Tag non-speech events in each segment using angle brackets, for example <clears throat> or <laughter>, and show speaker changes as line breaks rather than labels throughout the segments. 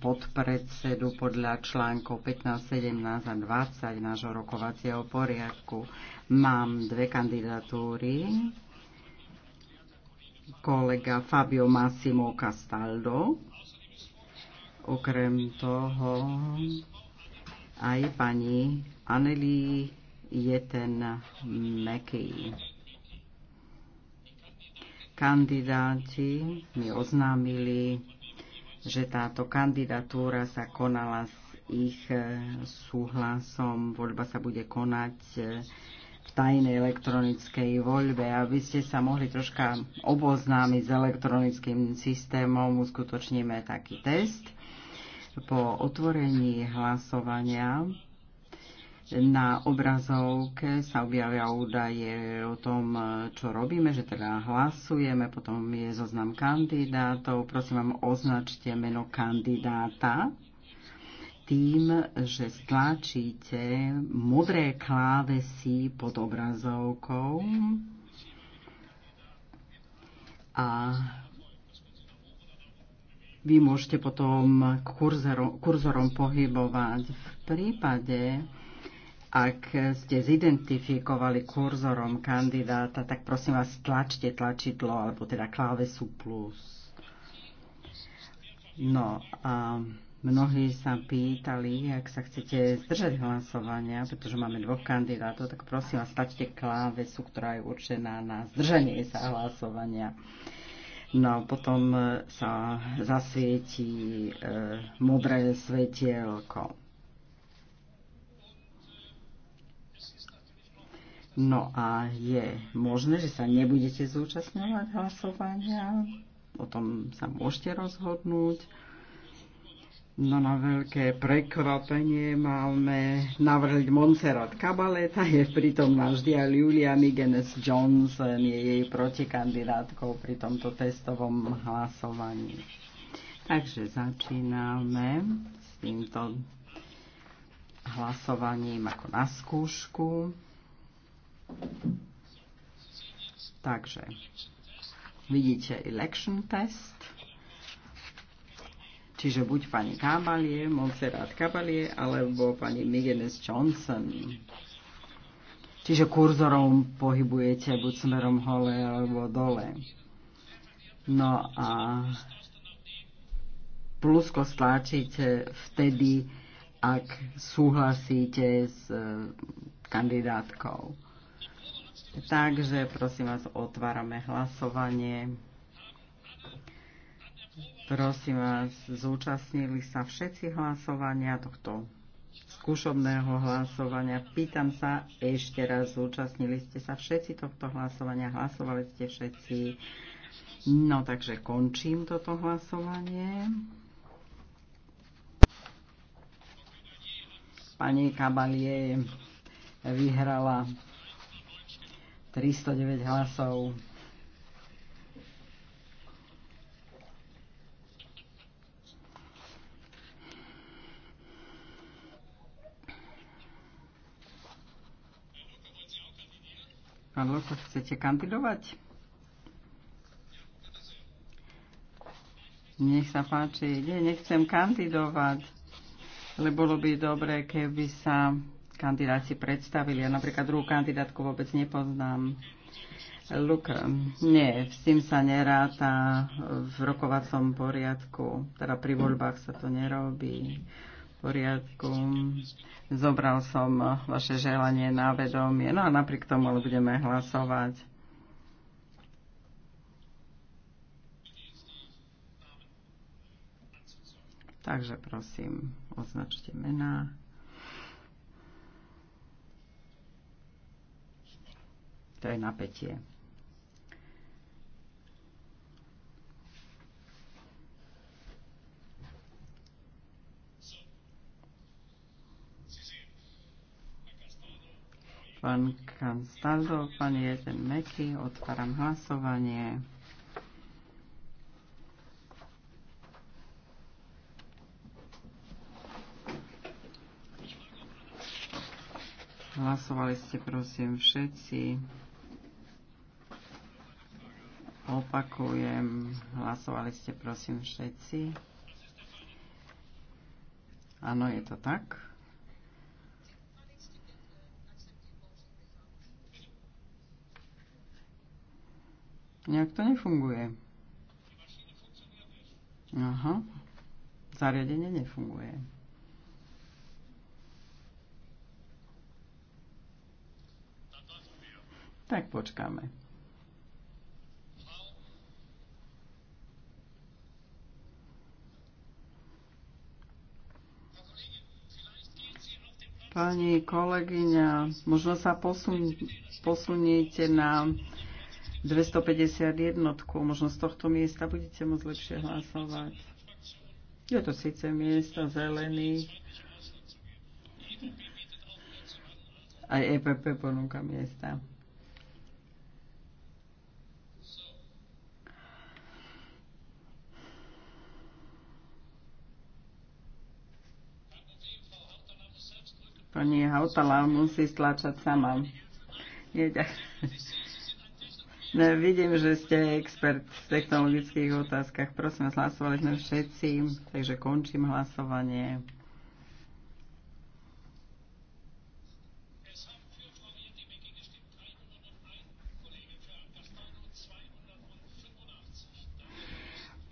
podpredsedu podľa článkov 15, 17 a 20 nášho rokovacieho poriadku. Mám dve kandidatúry. Kolega Fabio Massimo Castaldo. Okrem toho aj pani Anneli Jeten Mekej kandidáti mi oznámili že táto kandidatúra sa konala s ich e, súhlasom. Voľba sa bude konať e, v tajnej elektronickej voľbe. Aby ste sa mohli troška oboznámiť s elektronickým systémom, uskutočníme taký test. Po otvorení hlasovania na obrazovke sa objavia údaje o tom, čo robíme, že teda hlasujeme, potom je zoznam kandidátov. Prosím vám, označte meno kandidáta tým, že stlačíte modré klávesy pod obrazovkou a vy môžete potom kurzorom, kurzorom pohybovať. V prípade, ak ste zidentifikovali kurzorom kandidáta, tak prosím vás tlačte tlačidlo, alebo teda klávesu plus. No a mnohí sa pýtali, ak sa chcete zdržať hlasovania, pretože máme dvoch kandidátov, tak prosím vás tlačte klávesu, ktorá je určená na zdržanie sa hlasovania. No potom sa zasvietí e, modré svetielko. No a je možné, že sa nebudete zúčastňovať hlasovania, o tom sa môžete rozhodnúť. No na veľké prekvapenie máme navrhliť Montserrat Kabaleta, je pritom náš diál Julia Migenes Johnson je jej protikandidátkou pri tomto testovom hlasovaní. Takže začíname s týmto hlasovaním ako na skúšku. Takže vidíte election test, čiže buď pani Kabalie, Montserrat Kabalie, alebo pani Migenes Johnson. Čiže kurzorom pohybujete buď smerom hole alebo dole. No a plusko stlačíte vtedy, ak súhlasíte s eh, kandidátkou. Takže prosím vás, otvárame hlasovanie. Prosím vás, zúčastnili sa všetci hlasovania tohto skúšobného hlasovania. Pýtam sa ešte raz, zúčastnili ste sa všetci tohto hlasovania, hlasovali ste všetci. No takže končím toto hlasovanie. Pani Kabalie vyhrala 309 hlasov. Pán Loko, chcete kandidovať? Nech sa páči. Nie, nechcem kandidovať, lebo bolo by dobre, keby sa kandidáti predstavili. Ja napríklad druhú kandidátku vôbec nepoznám. Luka, nie, s tým sa neráta v rokovacom poriadku, teda pri voľbách sa to nerobí poriadku. Zobral som vaše želanie na vedomie. No a napriek tomu budeme hlasovať. Takže prosím, označte mená. to je napätie. Pán Kanstaldo, pán Jezen Meky, otváram hlasovanie. Hlasovali ste prosím všetci. Opakujem, hlasovali ste prosím všetci. Áno, je to tak. Nejak to nefunguje. Aha, zariadenie nefunguje. Tak počkáme. Pani kolegyňa, možno sa posun, posuniete na 251, možno z tohto miesta budete môcť lepšie hlasovať. Je to síce miesto zelených. Aj EPP ponúka miesta. To nie hautala, musí stlačať sama. No, vidím, že ste expert v technologických otázkach. Prosím, hlasovali sme všetci, takže končím hlasovanie.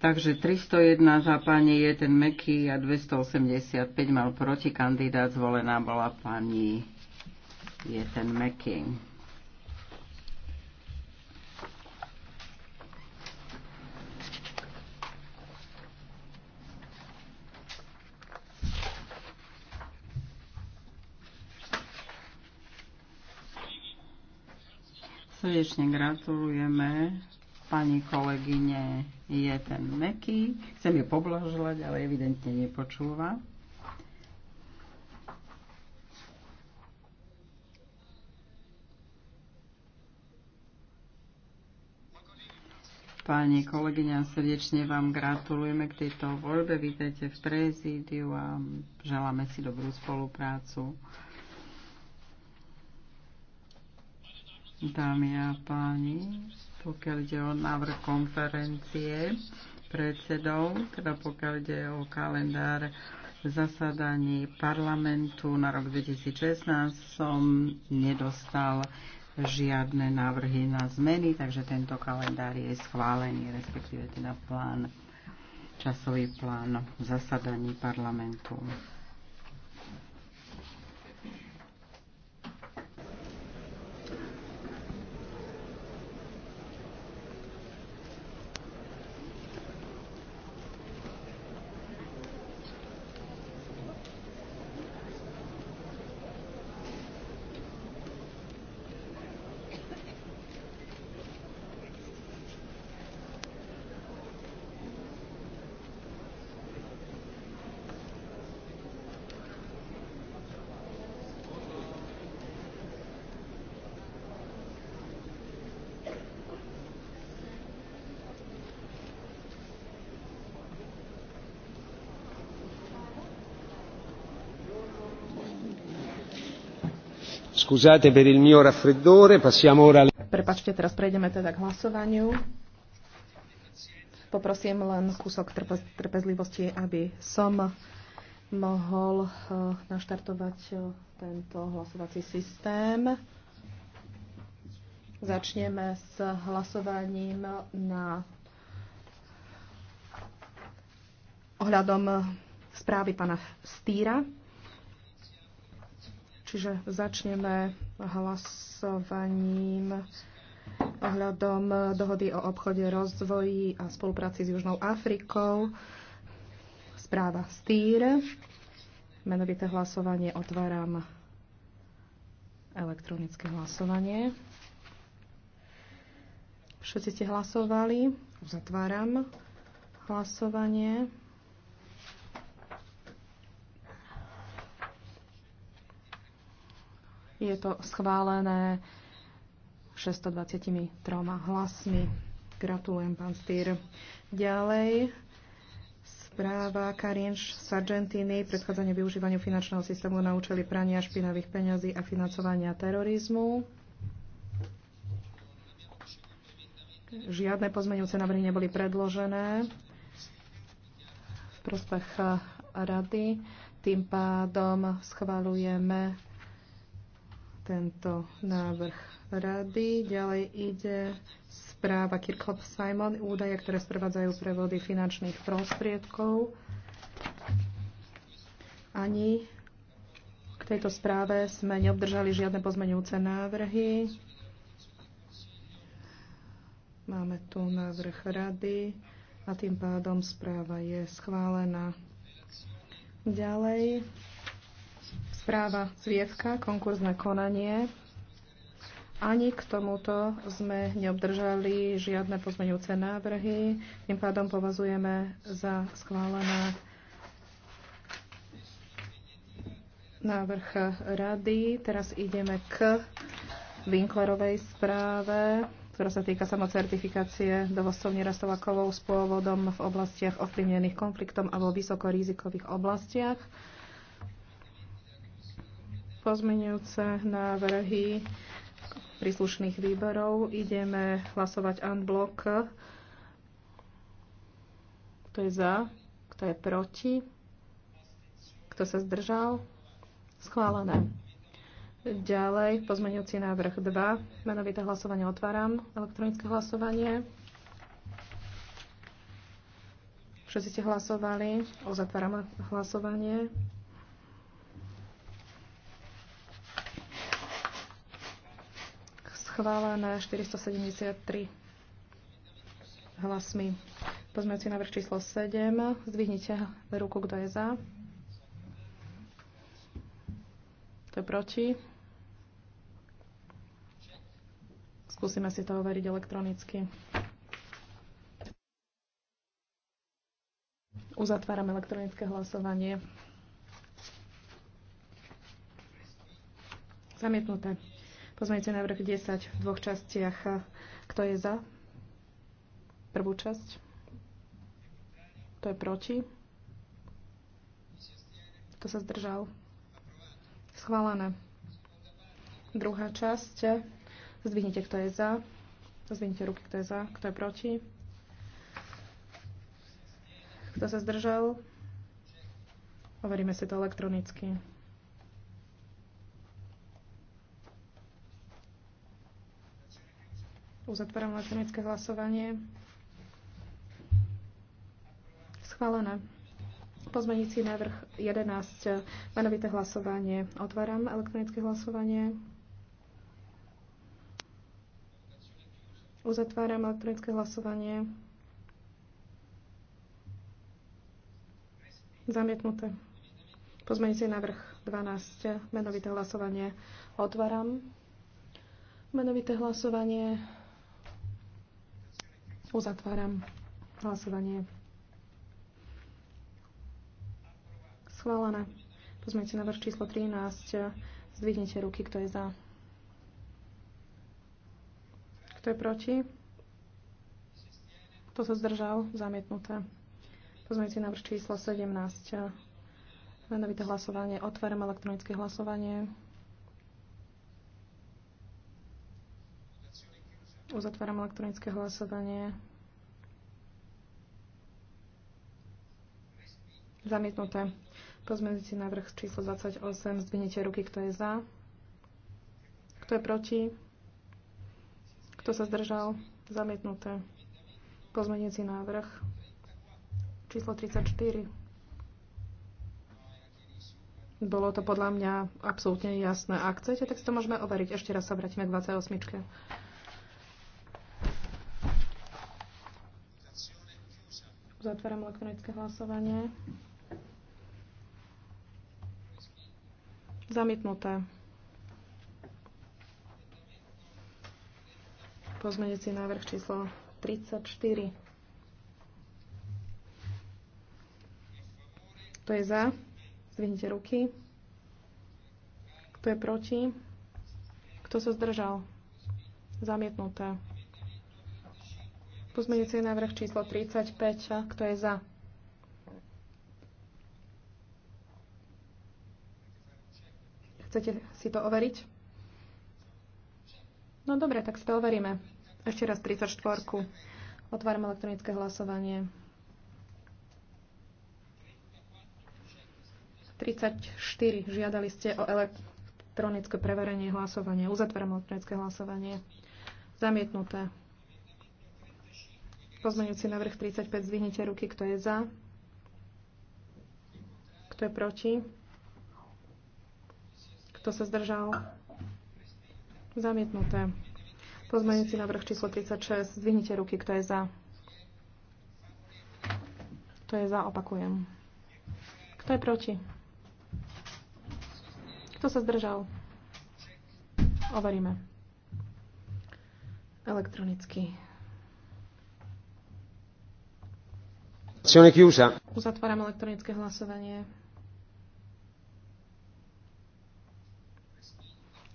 Takže 301 za pani jeden Meky a 285 mal proti kandidát. Zvolená bola pani jeden meký. Srdečne gratulujeme pani kolegyne je ten meký. Chcem ju poblažovať, ale evidentne nepočúva. Pani kolegyňa, srdečne vám gratulujeme k tejto voľbe. Vítejte v prezídiu a želáme si dobrú spoluprácu. Dámy a páni, pokiaľ ide o návrh konferencie predsedov, teda pokiaľ ide o kalendár zasadaní parlamentu na rok 2016, som nedostal žiadne návrhy na zmeny, takže tento kalendár je schválený, respektíve teda plán, časový plán zasadaní parlamentu.
Scusate per il mio raffreddore, passiamo ora...
Prepačte, teraz prejdeme teda k hlasovaniu. Poprosím len kúsok trpe, trpezlivosti, aby som mohol eh, naštartovať eh, tento hlasovací systém. Začneme s hlasovaním na ohľadom správy pána Stýra. Čiže začneme hlasovaním ohľadom dohody o obchode, rozvoji a spolupráci s Južnou Afrikou. Správa STÍR. Menovité hlasovanie otváram elektronické hlasovanie. Všetci ste hlasovali. zatváram hlasovanie. Je to schválené 623 hlasmi. Gratulujem, pán Stýr. Ďalej správa Karinš z Argentíny, predchádzanie využívaniu finančného systému na účely prania špinavých peňazí a financovania terorizmu. Žiadne pozmeňujúce návrhy neboli predložené v prospech eh, rady. Tým pádom schvalujeme tento návrh rady. Ďalej ide správa Kirchhoff Simon, údaje, ktoré sprevádzajú prevody finančných prostriedkov. Ani k tejto správe sme neobdržali žiadne pozmeňujúce návrhy. Máme tu návrh rady a tým pádom správa je schválená. Ďalej Správa Svietka, konkurzné konanie. Ani k tomuto sme neobdržali žiadne pozmeňujúce návrhy. Tým pádom považujeme za schválené návrh rady. Teraz ideme k Winklerovej správe ktorá sa týka samocertifikácie dovozcov nerastov a kovov s pôvodom v oblastiach ovplyvnených konfliktom a vo vysokorizikových oblastiach pozmeňujúce návrhy príslušných výborov. Ideme hlasovať unblock. Kto je za? Kto je proti? Kto sa zdržal? Schválené. Ďalej, pozmeňujúci návrh 2. Menovité hlasovanie otváram. Elektronické hlasovanie. Všetci ste hlasovali. Uzatváram hlasovanie. schválené 473 hlasmi. Pozmeňujúci návrh číslo 7. Zdvihnite ruku, kto je za. Kto je proti. Skúsime si to overiť elektronicky. Uzatváram elektronické hlasovanie. Zamietnuté. Pozmeňujúci návrh 10 v dvoch častiach. Kto je za? Prvú časť. Kto je proti? Kto sa zdržal? Schválené. Druhá časť. Zdvihnite, kto je za. Zdvihnite ruky, kto je za. Kto je proti? Kto sa zdržal? Overíme si to elektronicky. Uzatváram elektronické hlasovanie. Schválené. Pozmenicí návrh 11. Menovité hlasovanie. Otváram elektronické hlasovanie. Uzatváram elektronické hlasovanie. Zamietnuté. si návrh 12. Menovité hlasovanie. Otváram. Menovité hlasovanie. Uzatváram hlasovanie. Schválené. Pozmite návrh číslo 13. Zdvihnite ruky, kto je za. Kto je proti? Kto sa zdržal? Zamietnuté. Pozmite návrh číslo 17. Menovité hlasovanie. Otváram elektronické hlasovanie. Uzatváram elektronické hlasovanie. Zamietnuté. Pozmenujte návrh číslo 28. Zdvinite ruky, kto je za. Kto je proti? Kto sa zdržal? Zamietnuté. Pozmenujte návrh číslo 34. Bolo to podľa mňa absolútne jasné. Ak chcete, tak si to môžeme overiť. Ešte raz sa vrátime k 28. Zatváram elektronické hlasovanie. Zamietnuté. Pozmenujúci návrh číslo 34. Kto je za? Zvinite ruky. Kto je proti? Kto sa zdržal? Zamietnuté. Pozmeňujúci návrh číslo 35. Kto je za? Chcete si to overiť? No dobre, tak si to overíme. Ešte raz 34. Otváram elektronické hlasovanie. 34. Žiadali ste o elektronické preverenie hlasovania. Uzatváram elektronické hlasovanie. Zamietnuté. Pozmeňujúci návrh 35, Zvinite ruky, kto je za. Kto je proti? Kto sa zdržal? Zamietnuté. Pozmeňujúci návrh číslo 36, zdvihnite ruky, kto je za. Kto je za, opakujem. Kto je proti? Kto sa zdržal? Overíme. Elektronicky. Votazione chiusa. Uzatváram elektronické hlasovanie.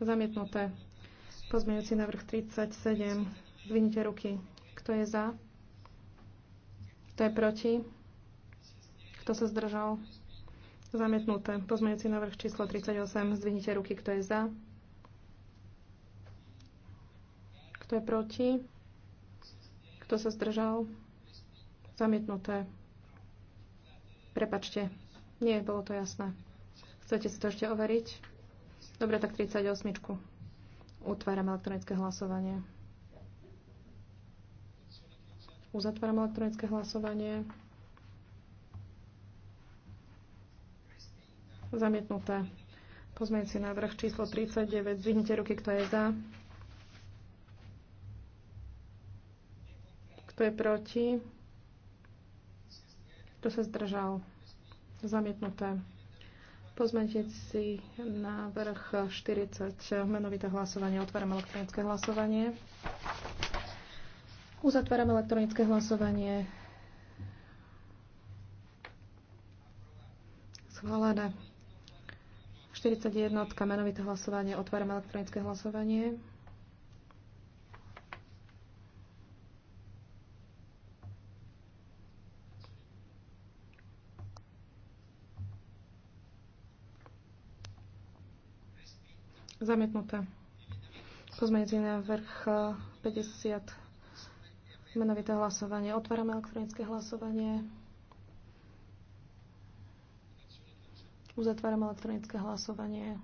Zamietnuté. Pozmeňujúci návrh 37. Zvinite ruky. Kto je za? Kto je proti? Kto sa zdržal? Zamietnuté. Pozmeňujúci návrh číslo 38. Zvinite ruky. Kto je za? Kto je proti? Kto sa zdržal? Zamietnuté. Prepačte, nie, bolo to jasné. Chcete si to ešte overiť? Dobre, tak 38. Utváram elektronické hlasovanie. Uzatváram elektronické hlasovanie. Zamietnuté. Pozmeňujúci návrh číslo 39. Zvihnite ruky, kto je za. Kto je proti? Kto sa zdržal? Zamietnuté. si návrh 40, menovité hlasovanie. Otváram elektronické hlasovanie. Uzatváram elektronické hlasovanie. Schválené. 41, menovité hlasovanie. Otváram elektronické hlasovanie. Zamietnuté. Pozmeňujúci návrh 50. Eh, Menovité hlasovanie. Otvárame elektronické hlasovanie. Uzatváram elektronické hlasovanie.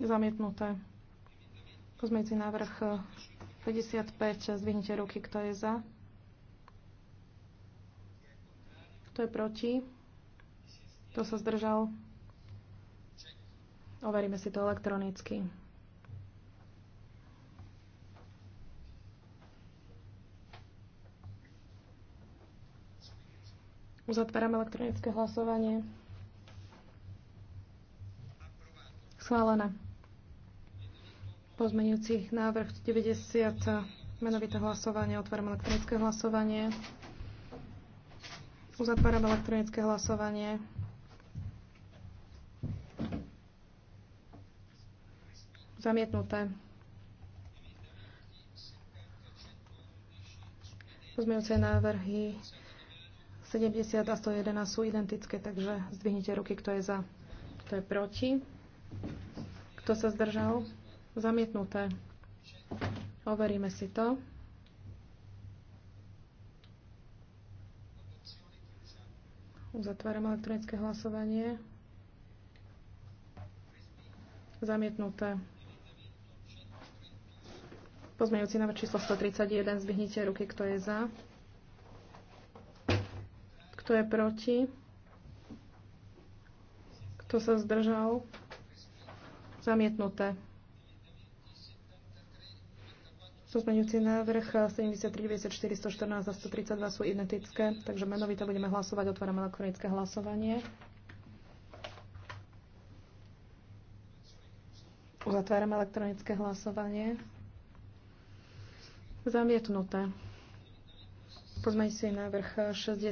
Zamietnuté. Pozmeňujúci návrh 55. Eh, Zdvihnite ruky, kto je za. Kto je proti? Kto sa zdržal? Overíme si to elektronicky. Uzatváram elektronické hlasovanie. Schválené. Pozmenujúci návrh 90, menovité hlasovanie, otváram elektronické hlasovanie. Uzatváram elektronické hlasovanie. Zamietnuté. Pozmejúce návrhy 70 a 111 sú identické, takže zdvihnite ruky, kto je za, kto je proti. Kto sa zdržal? Zamietnuté. Overíme si to. Uzatváram elektronické hlasovanie. Zamietnuté. Pozmejúci návrh číslo 131. Zvihnite ruky, kto je za. Kto je proti? Kto sa zdržal? Zamietnuté. Pozmeňujúci návrh 73, 94, 114 a 132 sú identické, takže menovito budeme hlasovať. Otvárame elektronické hlasovanie. Uzatváram elektronické hlasovanie. Zamietnuté. Pozmeňte si návrh 60.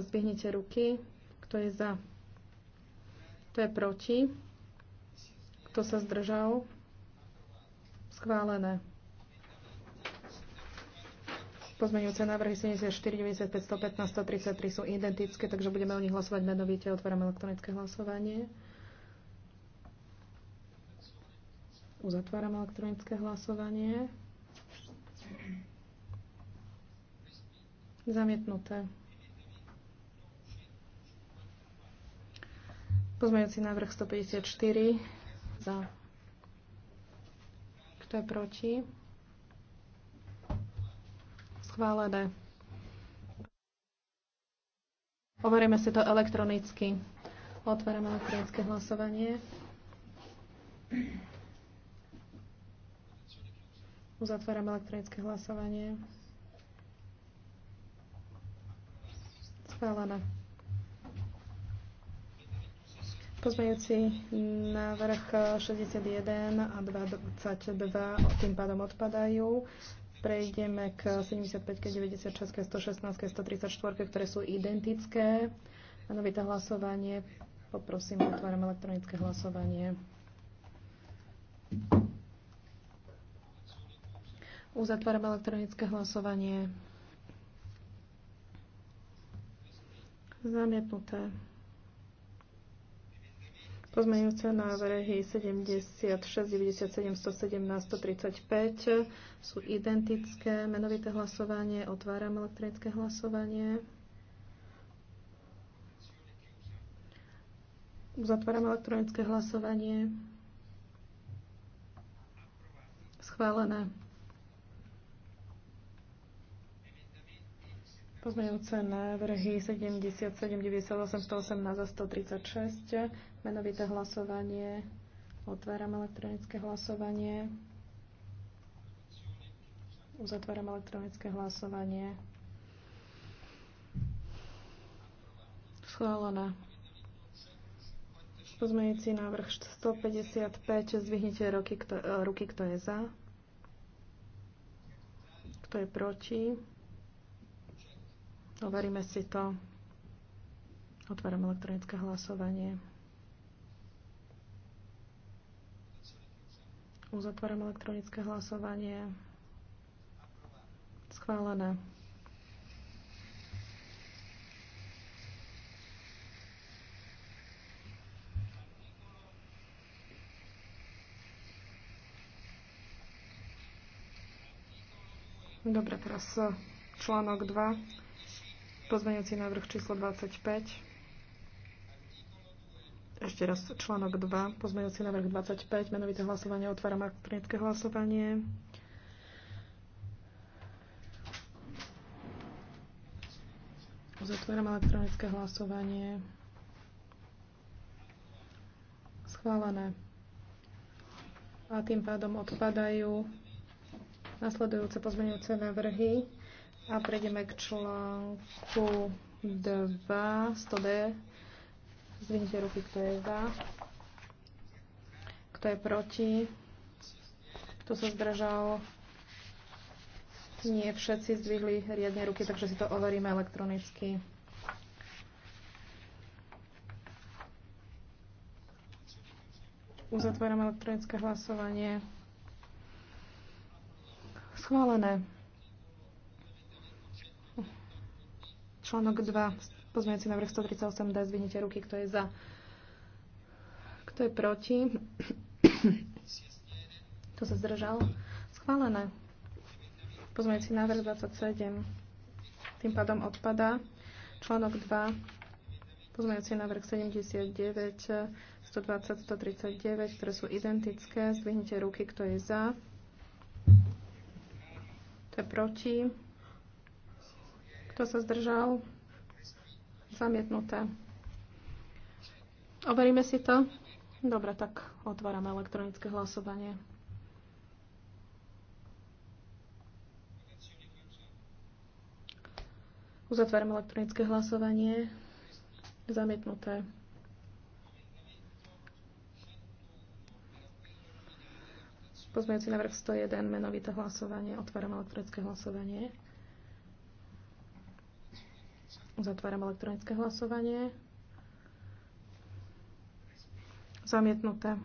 Zdvihnite ruky. Kto je za? Kto je proti? Kto sa zdržal? Schválené. Pozmeňujúce návrhy 74, 95, 115, 133 sú identické, takže budeme o nich hlasovať menovite. Otváram elektronické hlasovanie. Uzatváram elektronické hlasovanie. Zamietnuté. Pozmeňujúci návrh 154 za. Kto je proti? Schválené. Overíme si to elektronicky. Otváram elektronické hlasovanie. Uzatváram elektronické hlasovanie. Schválené. Pozmejúci návrh 61 a 22 tým pádom odpadajú. Prejdeme k 75, 96, 116, 134, ktoré sú identické. novité hlasovanie. Poprosím, otváram elektronické hlasovanie. Uzatváram elektronické hlasovanie. Zamietnuté. Pozmeňujúce návrhy 76, 97, 117, 135 sú identické. Menovité hlasovanie. Otváram elektronické hlasovanie. Uzatváram elektronické hlasovanie. Schválené. Pozmeňujúce návrhy 77, 98, 118 a 136. Menovité hlasovanie. Otváram elektronické hlasovanie. Uzatváram elektronické hlasovanie. Schválené. Pozmeňujúci návrh 155. Zdvihnite ruky, kto, ruky, kto je za. Kto je proti? Overíme si to. Otváram elektronické hlasovanie. Uzatváram elektronické hlasovanie. Schválené. Dobre, teraz eh, článok 2. Pozmeňujúci návrh číslo 25. Ešte raz článok 2, pozmeňujúci návrh 25, menovité hlasovanie, otváram elektronické hlasovanie. Zatváram elektronické hlasovanie. Schválené. A tým pádom odpadajú nasledujúce pozmeňujúce návrhy. A prejdeme k článku 2, 100D. Zvinite ruky, kto je za. Kto je proti? Kto sa zdržal? Nie všetci zdvihli riadne ruky, takže si to overíme elektronicky. Uzatváram elektronické hlasovanie. Schválené. Článok 2, pozmeňujúci návrh 138D, zvinite ruky, kto je za. Kto je proti? <clears throat> Kto sa zdržal? Schválené. Pozmeňujúci návrh 27. Tým pádom odpada. Článok 2. Pozmeňujúci návrh 79, 120, 139, ktoré sú identické. Zdvihnite ruky, kto je za. Kto je proti? Kto sa zdržal? Zamietnuté. Overíme si to? Dobre, tak otvárame elektronické hlasovanie. Uzatváram elektronické hlasovanie. Zamietnuté. Pozmejúci návrh 101, menovité hlasovanie. Otváram elektronické hlasovanie. Zatváram elektronické hlasovanie. Zamietnuté.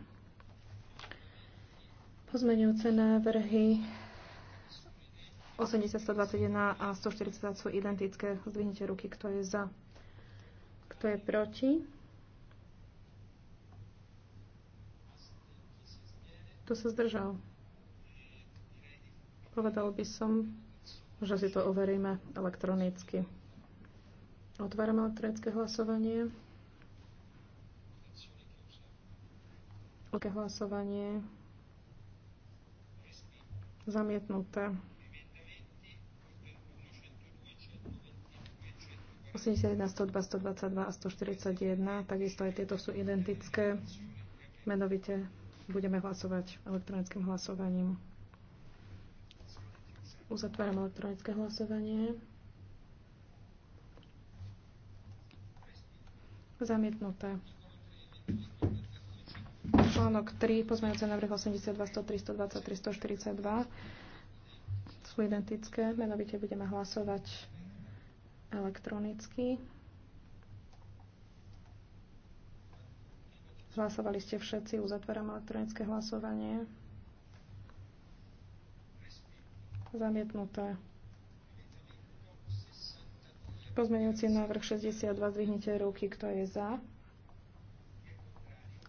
Pozmeňujúce návrhy 80, 121 a 140 sú identické. Zdvihnite ruky, kto je za, kto je proti. Kto sa zdržal? Povedal by som, že si to overíme elektronicky. Otváram elektronické hlasovanie. Také hlasovanie. Zamietnuté. 81, 102, 122 a 141, takisto aj tieto sú identické. Menovite budeme hlasovať elektronickým hlasovaním. Uzatváram elektronické hlasovanie. Zamietnuté. Článok 3, pozmeňujúce návrh 82, 103, 123, 142 sú identické. Menovite budeme hlasovať elektronicky. Hlasovali ste všetci, uzatváram elektronické hlasovanie. Zamietnuté. Pozmeňujúci návrh 62, zdvihnite ruky, kto je za,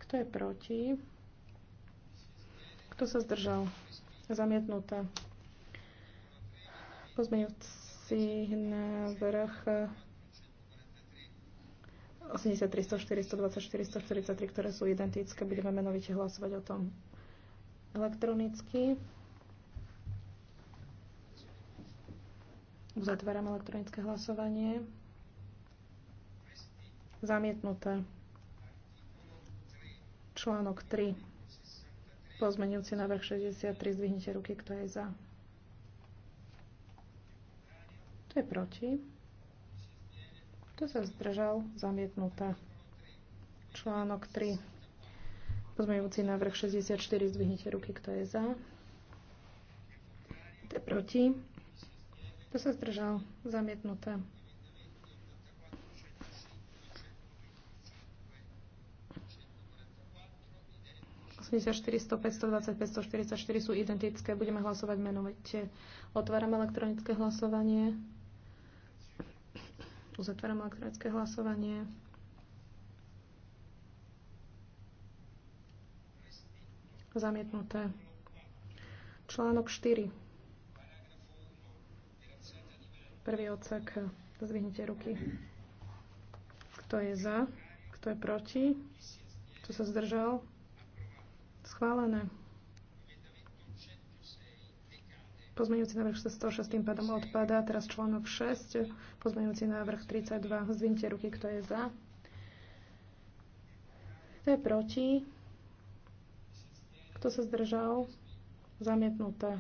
kto je proti, kto sa zdržal, zamietnuté. Pozmeňujúci návrh 83, 104, 124, 143, ktoré sú identické, budeme menovite hlasovať o tom elektronicky. Uzatváram elektronické hlasovanie. Zamietnuté. Článok 3. Pozmenujúci návrh 63. Zdvihnite ruky, kto je za. Kto je proti? Kto sa zdržal? Zamietnuté. Článok 3. Pozmenujúci návrh 64. Zdvihnite ruky, kto je za. Kto je proti? Kto sa zdržal? Zamietnuté. štyri sú identické. Budeme hlasovať menovite. Otváram elektronické hlasovanie. Uzatváram elektronické hlasovanie. Zamietnuté. Článok 4. Prvý odsek. Zdvihnite ruky. Kto je za? Kto je proti? Kto sa zdržal? Schválené. Pozmeňujúci návrh 106 tým pádom odpadá. Teraz článok 6. Pozmeňujúci návrh 32. Zvinite ruky, kto je za. Kto je proti? Kto sa zdržal? Zamietnuté.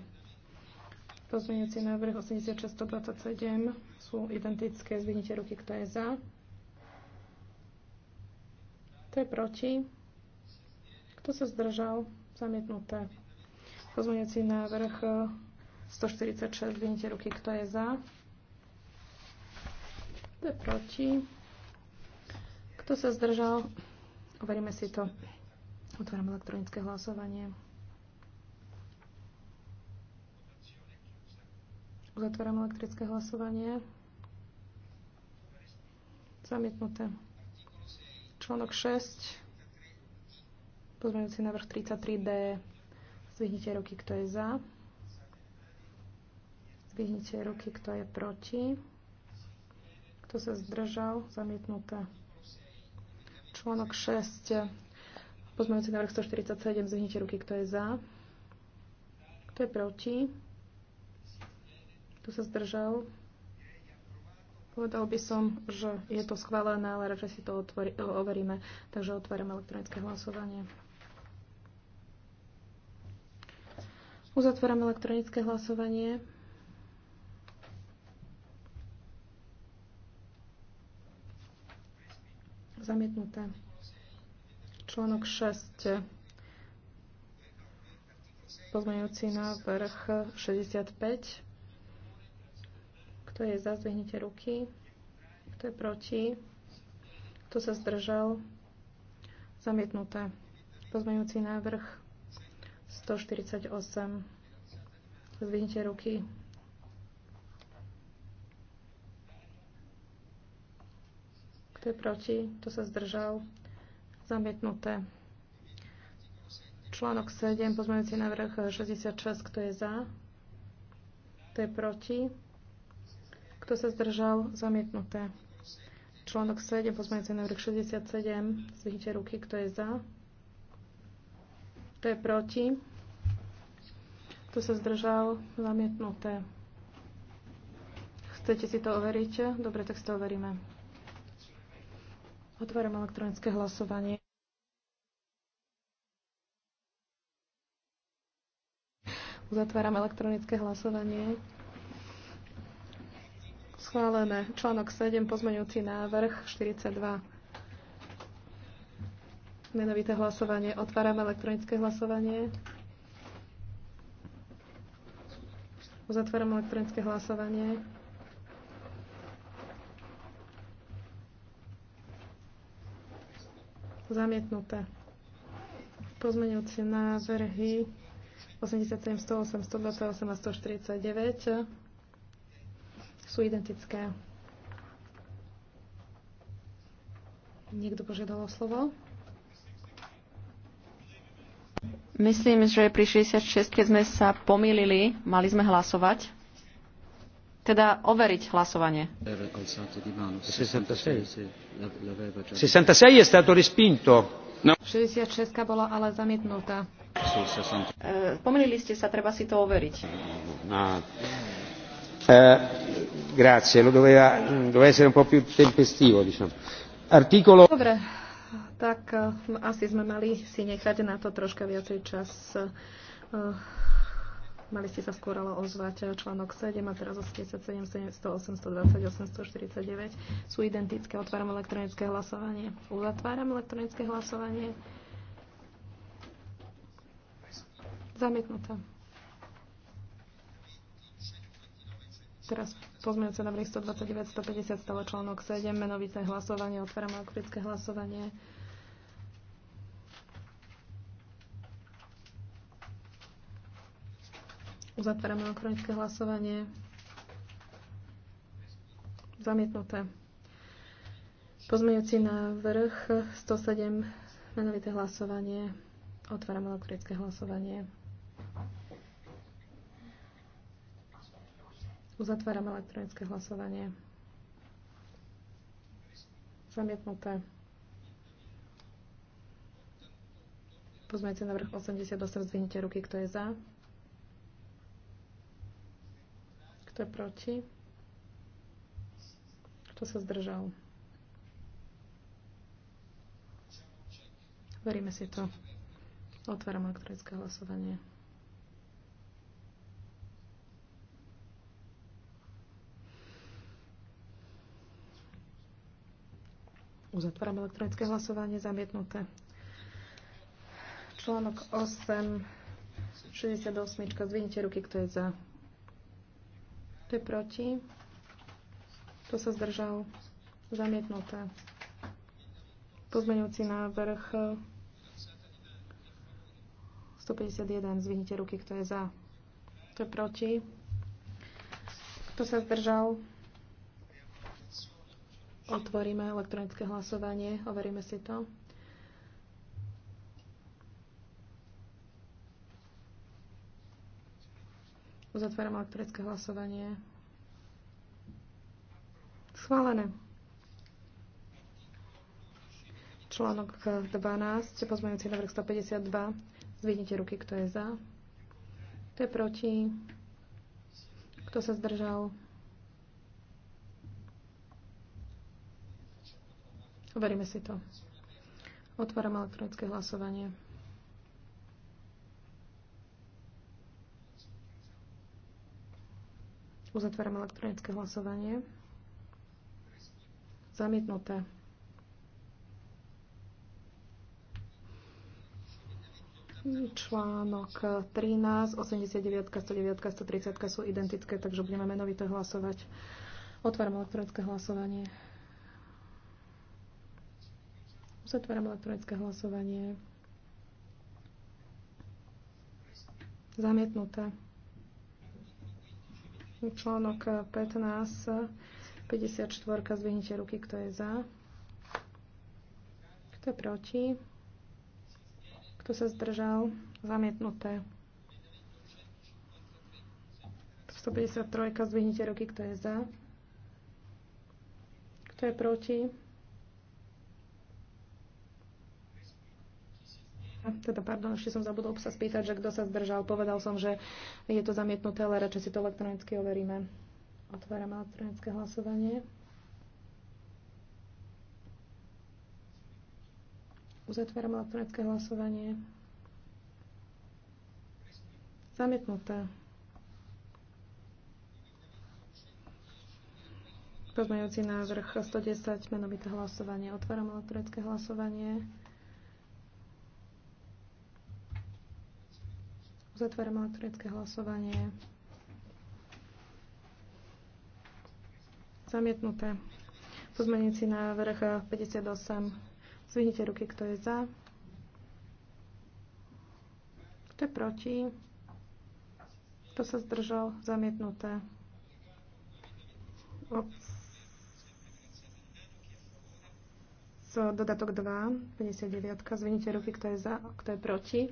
Pozmeňujúci návrh 8627 sú identické. Zvinite ruky, kto je za. Kto je proti? Kto sa zdržal? Zamietnuté. Pozmeňujúci návrh 146. Zvinite ruky, kto je za. Kto je proti? Kto sa zdržal? Overíme si to. Otváram elektronické hlasovanie. Uzatváram elektrické hlasovanie. Zamietnuté. Článok 6. Pozmeňujúci návrh 33D. Zvihnite ruky, kto je za. Zvihnite ruky, kto je proti. Kto sa zdržal? Zamietnuté. Článok 6. Pozmeňujúci návrh 147. Zvihnite ruky, kto je za. Kto je proti. Kto sa zdržal? Povedal by som, že je to schválené, ale radšej si to otvori, overíme. Takže otváram elektronické hlasovanie. Uzatváram elektronické hlasovanie. Zamietnuté. Článok 6. Pozmeňujúci návrh 65. Kto je za, zdvihnite ruky. Kto je proti? Kto sa zdržal? Zamietnuté. Pozmeňujúci návrh 148. Zdvihnite ruky. Kto je proti? Kto sa zdržal? Zamietnuté. Článok 7, pozmeňujúci návrh 66. Kto je za? Kto je proti? Kto sa zdržal? Zamietnuté. Článok 7, pozmeňujúci návrh 67. Zvihnite ruky, kto je za. Kto je proti? Kto sa zdržal? Zamietnuté. Chcete si to overiť? Dobre, tak si to overíme. Otváram elektronické hlasovanie. Uzatváram elektronické hlasovanie. Schválené. Článok 7, pozmeňujúci návrh 42. Menovité hlasovanie. otvárame elektronické hlasovanie. Uzatváram elektronické hlasovanie. Zamietnuté. Pozmeňujúce návrhy 87, 108, 128 a 149 sú identické. Niekto požiadal o slovo?
Myslím, že pri 66 keď sme sa pomýlili, mali sme hlasovať. Teda overiť hlasovanie.
66 je stato 66 no.
bola ale zamietnutá. E, pomýlili ste sa, treba si to overiť.
Eh, Dobre,
tak eh, asi sme mali si nechať na to troška viacej čas. Eh, mali ste sa skôr ale ozvať článok 7 a teraz 87, 108, 120, 849 sú identické. Otváram elektronické hlasovanie. Uzatváram elektronické hlasovanie. Zamietnuté. Teraz pozmeňujúce návrhy 129, 150, stále článok 7, menovité hlasovanie, otváram elektrické hlasovanie. Uzatváram elektronické hlasovanie. Zamietnuté. Pozmeňujúci návrh 107, menovité hlasovanie. Otváram akurické hlasovanie. Uzatváram elektronické hlasovanie. Zamietnuté. Pozmejte návrh 88, zdvihnite ruky, kto je za. Kto je proti? Kto sa zdržal? Veríme si to. Otváram elektronické hlasovanie. Uzatváram elektronické hlasovanie zamietnuté. Článok 8, 68. Zvinite ruky, kto je za. Kto je proti? Kto sa zdržal? Zamietnuté. Pozmeňujúci návrh 151. Zvinite ruky, kto je za. Kto je proti? Kto sa zdržal? Otvoríme elektronické hlasovanie, overíme si to. Uzatváram elektronické hlasovanie. Schválené. Článok 12, pozmeňujúci návrh 152. Zvidnite ruky, kto je za. Kto je proti? Kto sa zdržal? Overíme si to. Otváram elektronické hlasovanie. Uzatváram elektronické hlasovanie. Zamietnuté. Článok 13, 89, 109, 130 sú identické, takže budeme menovito hlasovať. Otváram elektronické hlasovanie. Uzatváram elektronické hlasovanie. Zamietnuté. Článok 15, 54, zvihnite ruky, kto je za. Kto je proti? Kto sa zdržal? Zamietnuté. 153, zvihnite ruky, kto je za. Kto je proti? Teda, pardon, ešte som zabudol sa spýtať, že kto sa zdržal. Povedal som, že je to zamietnuté, ale radšej si to elektronicky overíme. Otváram elektronické hlasovanie. Uzatváram elektronické hlasovanie. Zamietnuté. Pozmeňujúci návrh 110, menovité hlasovanie. Otváram elektronické hlasovanie. Uzatváram elektronické hlasovanie. Zamietnuté. na vrch 58. Zvihnite ruky, kto je za. Kto je proti? Kto sa zdržal? Zamietnuté. dodatok 2, 59. Zvinite ruky, kto je za, kto je proti.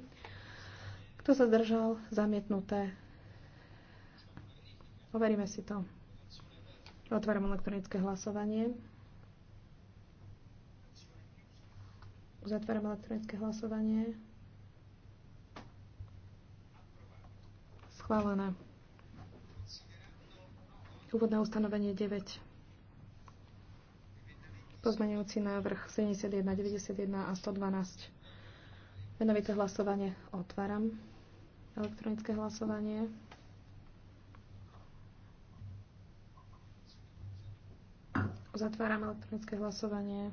Kto sa držal Zamietnuté. Overíme si to. Otváram elektronické hlasovanie. Uzatváram elektronické hlasovanie. Schválené. Úvodné ustanovenie 9. Pozmeňujúci návrh 71, 91 a 112. Menovité hlasovanie otváram. Elektronické hlasovanie. Zatváram elektronické hlasovanie.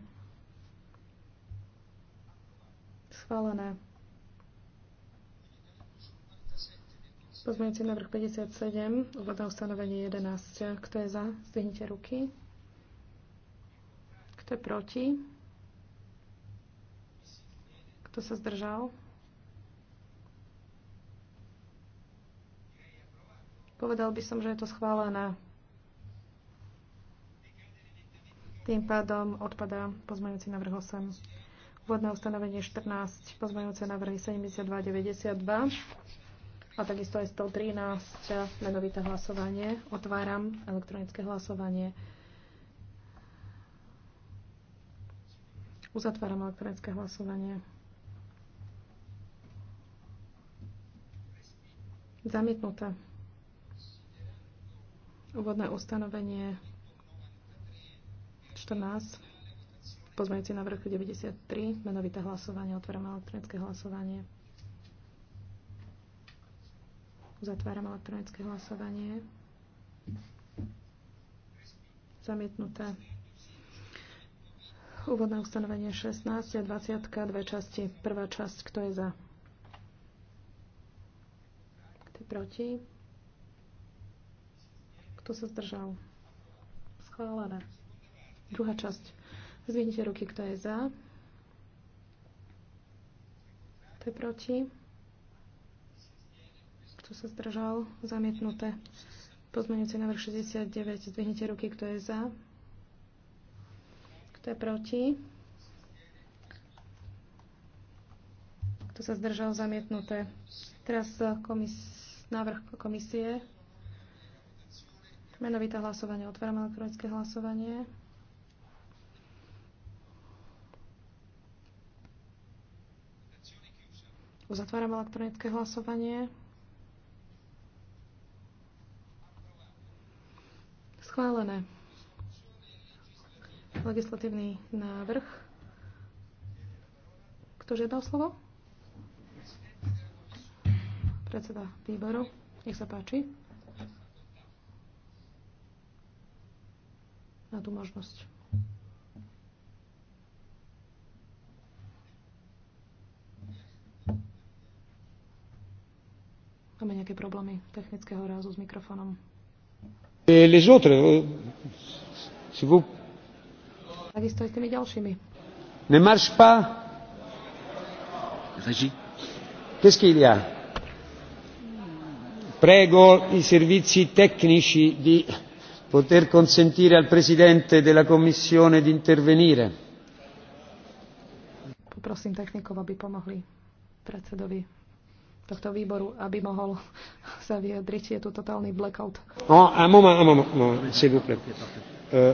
Schválené. Pozmeňujúci návrh 57, úvodné ustanovenie 11. Kto je za? Zdvihnite ruky. Kto je proti? Kto sa zdržal? Povedal by som, že je to schválené. Tým pádom odpadá pozmeňujúci návrh 8. Vodné ustanovenie 14, pozmeňujúce návrhy 72, 92 a takisto aj 113, menovité hlasovanie. Otváram elektronické hlasovanie. Uzatváram elektronické hlasovanie. Zamietnuté. Úvodné ustanovenie 14. Pozmeňujúci vrchu 93. Menovité hlasovanie. Otváram elektronické hlasovanie. Zatváram elektronické hlasovanie. Zamietnuté. Úvodné ustanovenie 16 a 20. Dve časti. Prvá časť. Kto je za? Kto je proti? Kto sa zdržal? Schválené. Druhá časť. Zvihnite ruky, kto je za. Kto je proti? Kto sa zdržal? Zamietnuté. Pozmeňujúci návrh 69. Zdvihnite ruky, kto je za. Kto je proti? Kto sa zdržal? Zamietnuté. Teraz eh, komis- návrh komisie. Menovité hlasovanie. Otváram elektronické hlasovanie. Uzatváram elektronické hlasovanie. Schválené. Legislatívny návrh. Kto žiada o slovo? Predseda výboru. Nech sa páči. na tú možnosť. Máme nejaké problémy technického rázu s mikrofónom.
Les autres, euh, vous...
Takisto aj s tými ďalšími.
Ne marche pas. Régie. Qu'est-ce qu'il y a? Prego i servizi tecnici di poter consentire al Presidente della Commissione di intervenire.
Poprosím technikov, aby pomohli predsedovi tohto výboru, aby mohol <laughs> sa vyjadriť. Je tu totálny blackout.
No, a moment, a moment, moment s'il vous plaît. Euh,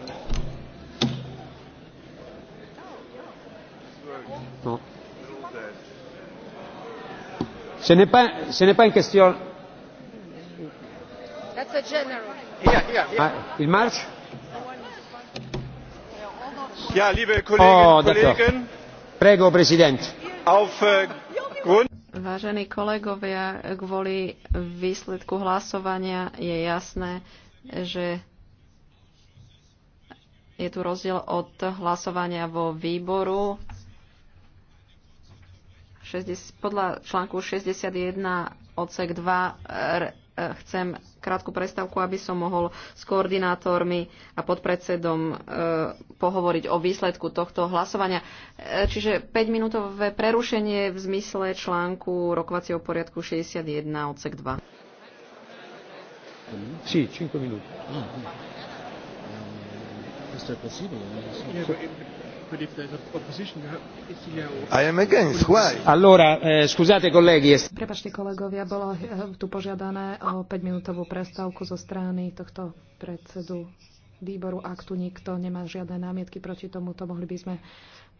non. Ce n'est pas, ce n'est pas une question.
That's a general. Ah,
il marche
Ja, liebe Kolleginnen und oh, Kollegen. Äh, Vážení kolegovia, kvôli výsledku hlasovania je jasné, že je tu rozdiel od hlasovania vo výboru. podľa článku 61 odsek 2 chcem krátku prestávku, aby som mohol s koordinátormi a podpredsedom e, pohovoriť o výsledku tohto hlasovania. E, čiže 5-minútové prerušenie v zmysle článku rokovacieho poriadku 61 odsek 2.
Sí, 5 minút. Ah, ah. esto es posible. ¿no?
Eh,
eh, oh.
Allora, eh, scusate colleghi.
Prepačte kolegovia, bolo eh, tu požiadané o 5-minútovú prestávku zo strany tohto predsedu výboru. Ak tu nikto nemá žiadne námietky proti tomu, to mohli by sme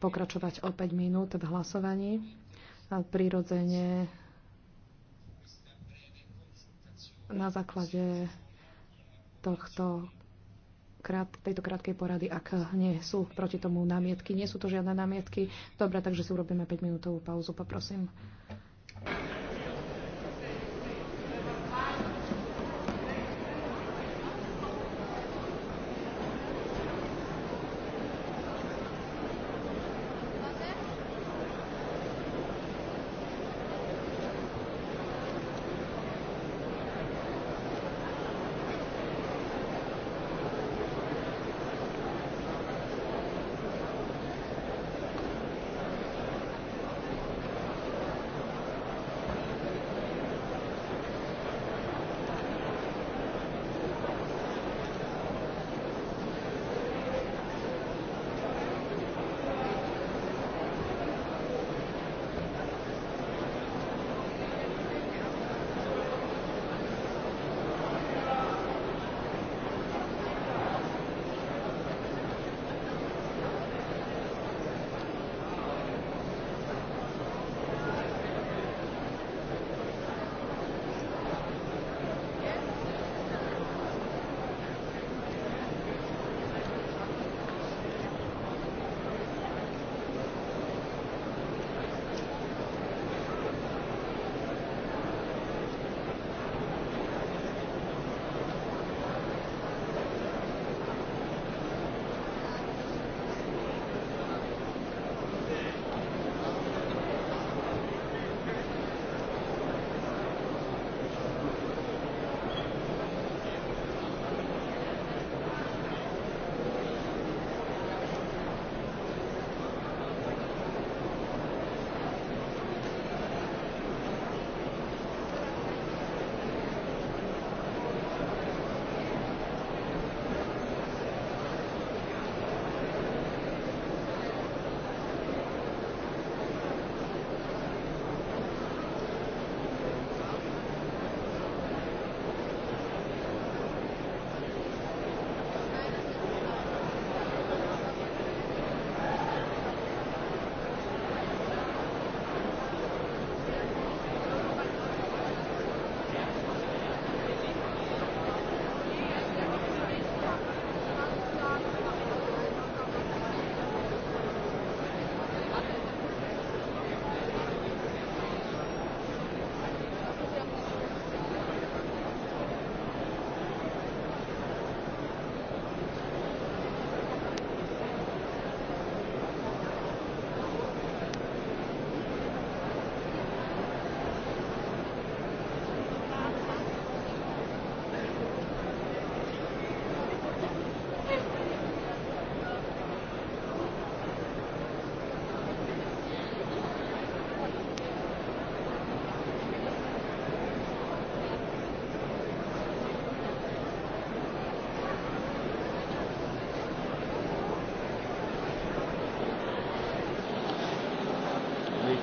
pokračovať o 5 minút v hlasovaní. A prirodzene na základe tohto krát, tejto krátkej porady, ak nie sú proti tomu námietky. Nie sú to žiadne námietky. Dobre, takže si urobíme 5-minútovú pauzu, poprosím.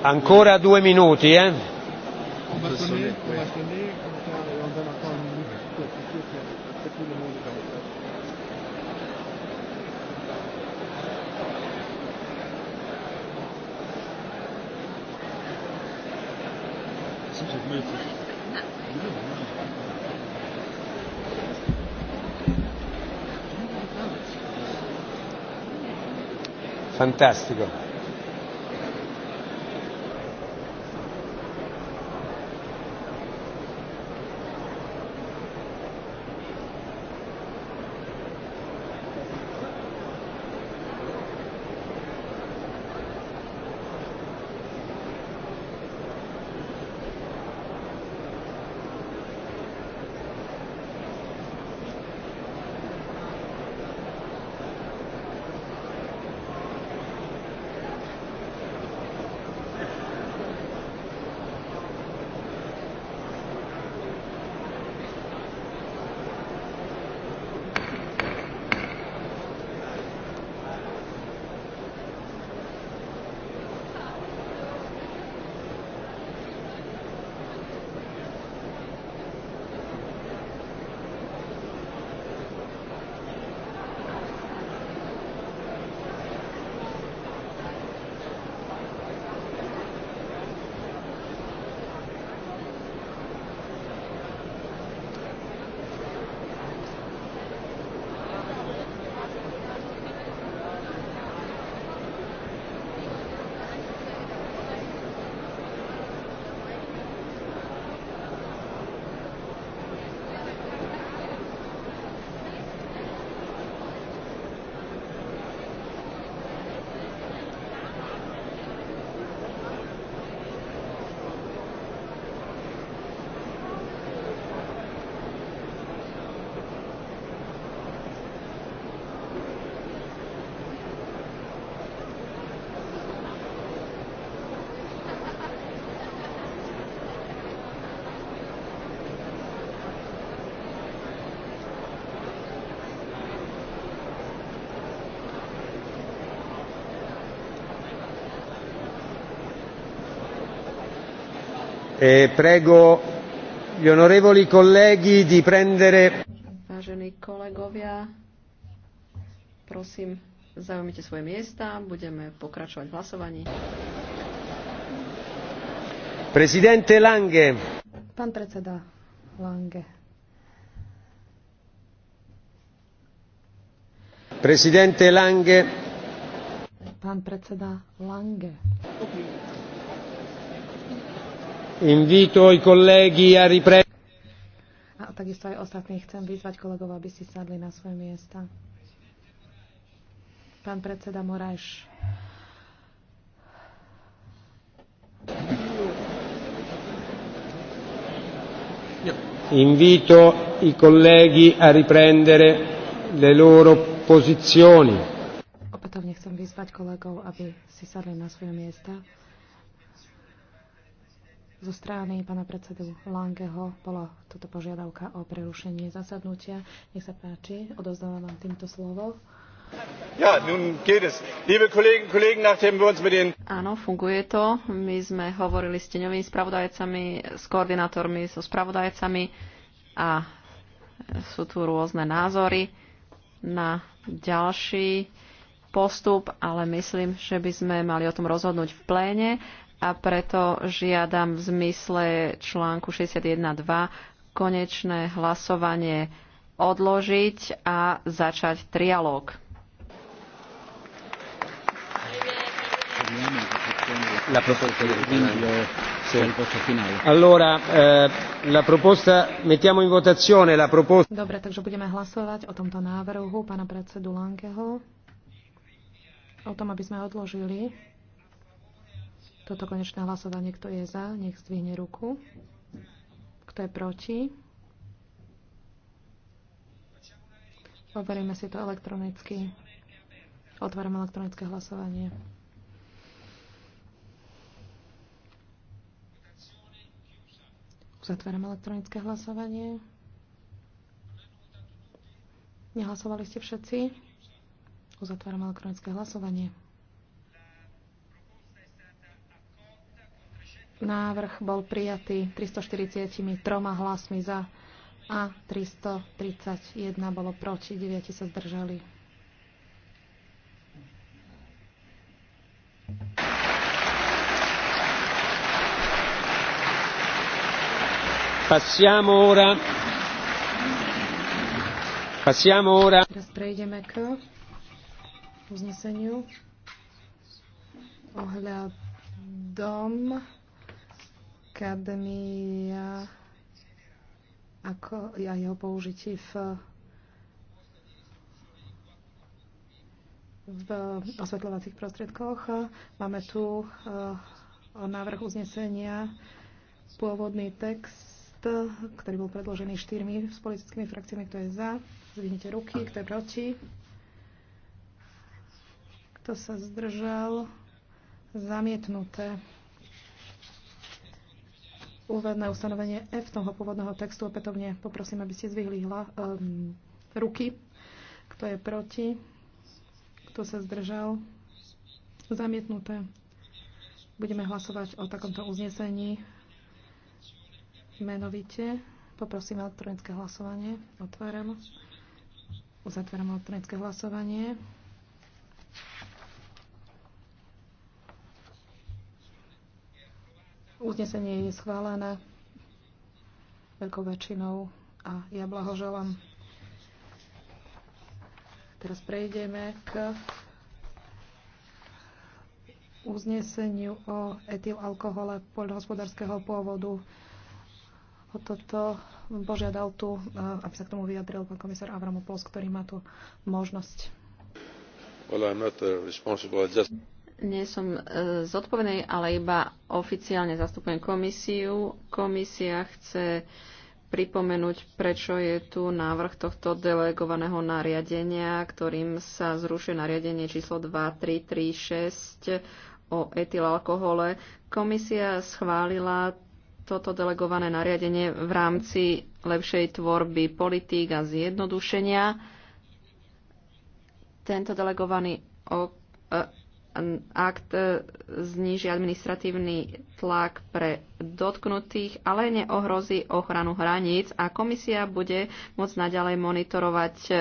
Ancora due minuti, eh? Fantastico. E, prego gli onorevoli colleghi di prendere.
Vážení kolegovia, prosím, zaujmite svoje miesta, budeme pokračovať v hlasovaní.
Prezidente Lange.
Pán predseda Lange.
Prezidente Lange.
Pán predseda Lange.
Invito i colleghi a riprendere.
A takisto aj ostatní chcem vyzvať kolegov, aby si sadli na svoje miesta. Pán predseda Morajš.
Invito i colleghi a riprendere le loro posizioni.
Opätovne chcem vyzvať kolegov, aby si sadli na svoje miesta. Zo strany pána predsedu Langeho bola toto požiadavka o prerušenie zasadnutia. Nech sa páči, odozdávam
vám týmto slovo.
Ja, nun geht es. Liebe Kollegen, Kollegen, nachdem wir uns mit
den... Áno, funguje to. My sme hovorili s teňovými spravodajcami, s koordinátormi, so spravodajcami a sú tu rôzne názory na ďalší postup, ale myslím, že by sme mali o tom rozhodnúť v pléne a preto žiadam v zmysle článku 61.2 konečné hlasovanie odložiť a začať trialóg.
La proposta eh, il voto finale.
Allora, eh,
la proposta, mettiamo in votazione la proposta.
Dobre, takže budeme hlasovať o tomto návrhu pána predsedu Lankeho, o tom, aby sme odložili toto konečné hlasovanie. Kto je za, nech zdvihne ruku. Kto je proti? Overíme si to elektronicky. Otváram elektronické hlasovanie. Uzatváram elektronické hlasovanie. Nehlasovali ste všetci? Uzatvárame elektronické hlasovanie. Návrh bol prijatý 343 hlasmi za a 331 bolo proti, 9 sa zdržali.
Passiamo ora. Passiamo ora.
Teraz prejdeme k uzneseniu ohľadom akadémia ako a jeho použití v v osvetľovacích prostriedkoch. Máme tu eh, návrh uznesenia, pôvodný text, ktorý bol predložený štyrmi s politickými frakciami, kto je za. Zvinite ruky, kto je proti. Kto sa zdržal? Zamietnuté úvedné ustanovenie F toho pôvodného textu. Opätovne poprosím, aby ste zvihli hla, um, ruky. Kto je proti? Kto sa zdržal? Zamietnuté. Budeme hlasovať o takomto uznesení menovite. Poprosím elektronické hlasovanie. Otváram. Uzatváram elektronické hlasovanie. Uznesenie je schválené veľkou väčšinou a ja blahoželám. Teraz prejdeme k uzneseniu o etylalkohole poľnohospodárskeho pôvodu. O toto požiadal tu, eh, aby sa k tomu vyjadril pán komisár Avramopoulos, ktorý má tu
možnosť.
Well, I'm not, uh,
nie som e, zodpovednej, ale iba oficiálne zastupujem komisiu. Komisia chce pripomenúť, prečo je tu návrh tohto delegovaného nariadenia, ktorým sa zrušuje nariadenie číslo 2336 o etylalkohole. Komisia schválila toto delegované nariadenie v rámci lepšej tvorby politík a zjednodušenia. Tento delegovaný e, akt e, zníži administratívny tlak pre dotknutých, ale neohrozí ochranu hraníc a komisia bude môcť naďalej monitorovať e,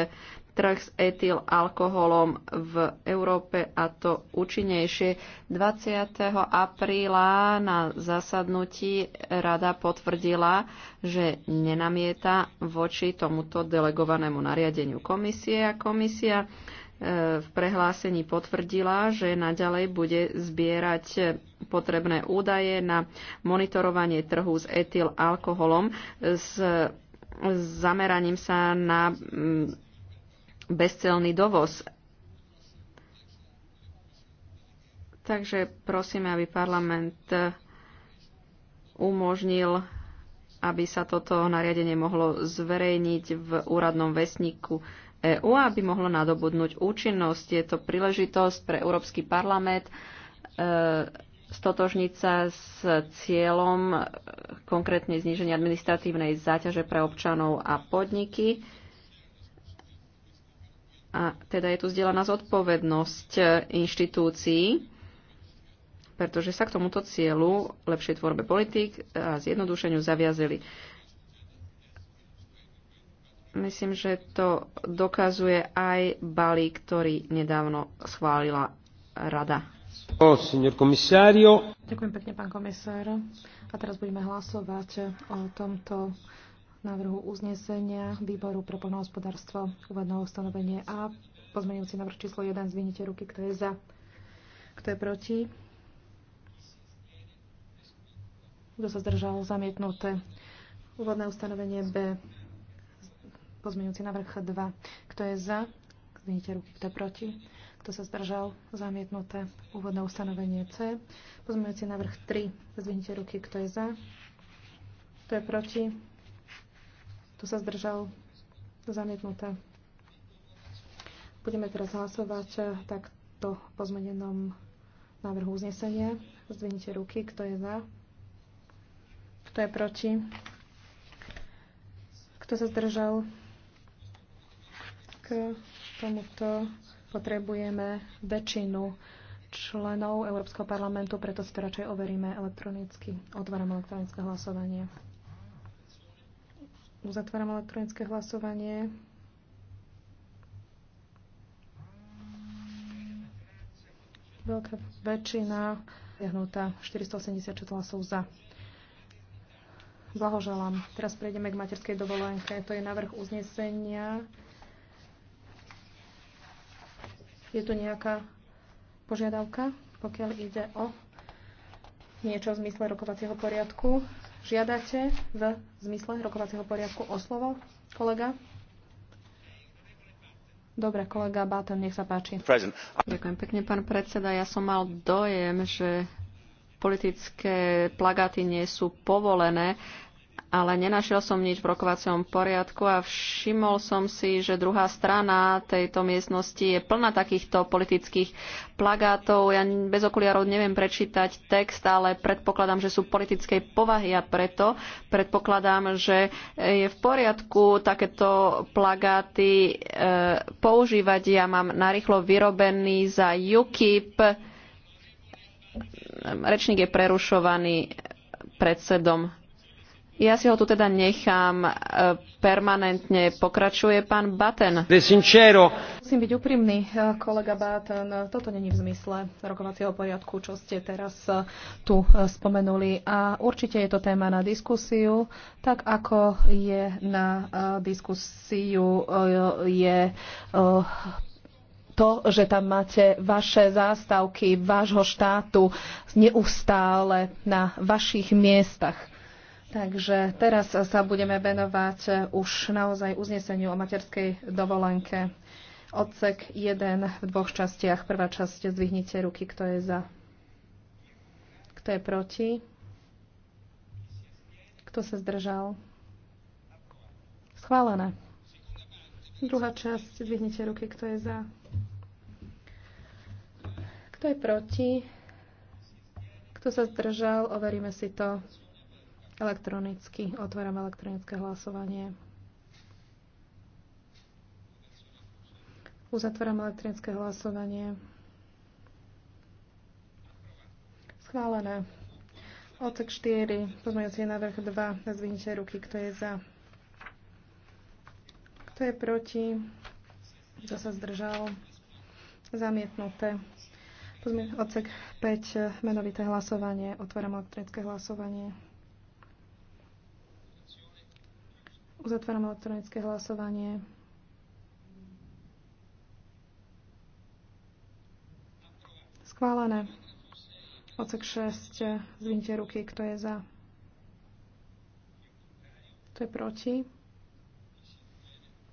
trh s etyl alkoholom v Európe a to účinnejšie. 20. apríla na zasadnutí rada potvrdila, že nenamieta voči tomuto delegovanému nariadeniu komisie a komisia E, v prehlásení potvrdila, že naďalej bude zbierať potrebné údaje na monitorovanie trhu s etyl alkoholom s zameraním sa na mm, bezcelný dovoz. Takže prosíme, aby parlament umožnil, aby sa toto nariadenie mohlo zverejniť v úradnom vesníku EÚ, aby mohlo nadobudnúť účinnosť. Je to príležitosť pre Európsky parlament e, stotožniť sa s cieľom e, konkrétne zníženia administratívnej záťaže pre občanov a podniky. A teda je tu zdieľaná zodpovednosť e, inštitúcií, pretože sa k tomuto cieľu, lepšej tvorbe politik a zjednodušeniu zaviazili. Myslím, že to dokazuje aj balík, ktorý nedávno schválila rada.
Ďakujem pekne, pán komisár. A teraz budeme hlasovať o tomto návrhu uznesenia výboru pre poľnohospodárstvo, úvodné ustanovenie A, pozmeňujúci návrh číslo 1, zvinite ruky, kto je za, kto je proti. Kto sa zdržal? Zamietnuté. Úvodné ustanovenie B. Pozmeňujúci návrh 2. Kto je za? Zvinite ruky. Kto je proti? Kto sa zdržal? Zamietnuté. Úvodné ustanovenie C. Pozmeňujúci návrh 3. Zvinite ruky. Kto je za? Kto je proti? Kto sa zdržal? Zamietnuté. Budeme teraz hlasovať eh, takto pozmenenom návrhu uznesenia. Zdvinite ruky, kto je za, kto je proti, kto sa zdržal tomuto potrebujeme väčšinu členov Európskeho parlamentu, preto si to radšej overíme elektronicky. Otváram elektronické hlasovanie. Uzatváram elektronické hlasovanie. Veľká väčšina jahnutá 486 hlasov za. Blahoželám. Teraz prejdeme k materskej dovolenke. To je návrh uznesenia. Je tu nejaká požiadavka, pokiaľ ide o niečo v zmysle rokovacieho poriadku? Žiadate v zmysle rokovacieho poriadku o slovo, kolega?
Dobre, kolega Báten, nech sa páči. Ďakujem pekne, pán predseda. Ja som mal dojem, že politické plagáty nie sú povolené ale nenašiel som nič v rokovacom poriadku a všimol som si, že druhá strana tejto miestnosti je plná takýchto politických plagátov. Ja bez okuliarov neviem prečítať text, ale predpokladám, že sú politickej povahy a preto predpokladám, že je v poriadku takéto plagáty e, používať. Ja mám narýchlo vyrobený za UKIP. Rečník je prerušovaný predsedom ja si ho tu teda nechám, e, permanentne pokračuje pán Baten. Musím
byť úprimný, e, kolega Baten, toto není v zmysle rokovacieho poriadku, čo ste teraz e, tu spomenuli. A určite je to téma na diskusiu, tak ako je na diskusiu je to, že tam máte vaše zástavky vášho štátu neustále na vašich miestach Takže teraz sa budeme venovať už naozaj uzneseniu o materskej dovolenke. Odsek 1 v dvoch častiach. Prvá časť zdvihnite ruky, kto je za. Kto je proti? Kto sa zdržal? Schválené. Druhá časť zdvihnite ruky, kto je za. Kto je proti? Kto sa zdržal? Overíme si to. Elektronicky. Otváram elektronické hlasovanie. Uzatváram elektronické hlasovanie. Schválené. Odsek 4, pozmeňujúci návrh 2, zvinite ruky, kto je za. Kto je proti? Kto sa zdržal? Zamietnuté. Odsek 5, menovité hlasovanie. Otváram elektronické hlasovanie. Uzatváram elektronické hlasovanie. Schválené. Ocek 6. Zvinte ruky, kto je za. Kto je proti?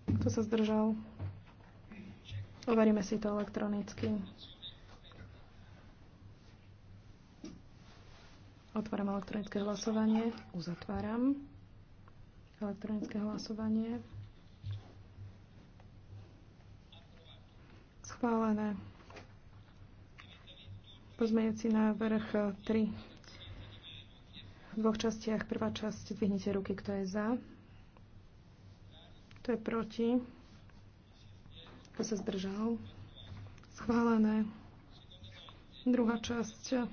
Kto sa zdržal? Overíme si to elektronicky. Otváram elektronické hlasovanie. Uzatváram. Elektronické hlasovanie. Schválené. Pozmejúci návrh 3. V dvoch častiach. Prvá časť. Dvihnite ruky, kto je za. Kto je proti. Kto sa zdržal. Schválené. Druhá časť.